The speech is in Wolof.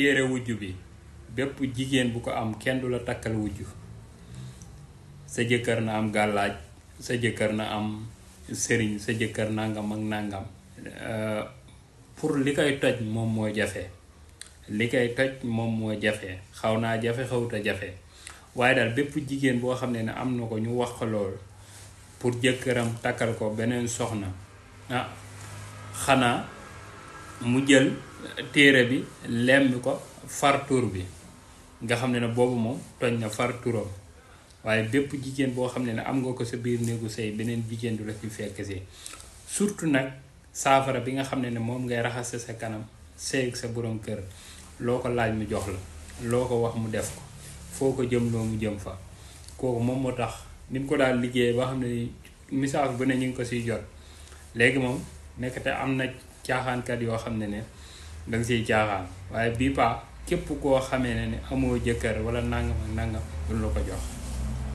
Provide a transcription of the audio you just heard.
téere wujj bi bépp jigéen bu ko am kenn du la takkal wujj sa jëkkër na am gàllaaj sa jëkkër na am sëriñ sa jëkkër nangam ak nangam euh, pour li koy toj moom moo jafe li koy toj moom moo jafe xaw naa jafe xawut a jafe waaye daal bépp jigéen boo xam ne ne am na ko ñu wax ko lool pour jëkkëram takkal ko beneen soxna ah xanaa mu jël téere bi lemmi ko far tur bi nga xam ne ne boobu moom toñ na far turam waaye bépp jigéen boo xam ne ne am nga ko sa biir néegu sëy beneen jigéen du la ci fekk si surtout nag saafara bi nga xam ne ne moom ngay raxase sa kanam sëy ak sa borom kër loo ko laaj mu jox la loo ko wax mu def ko foo ko jëm loo mu jëm fa kooku moom moo tax ni mu ko daal liggéeye ba xam ne message bu ne ñu ngi ko siy jot léegi moom nekk am na caaxaankat yoo xam ne ne danga siy caaxaan waaye bii paa képp koo xamee na ni amoo jëkkër wala nangam ak nangam duñ la ko jox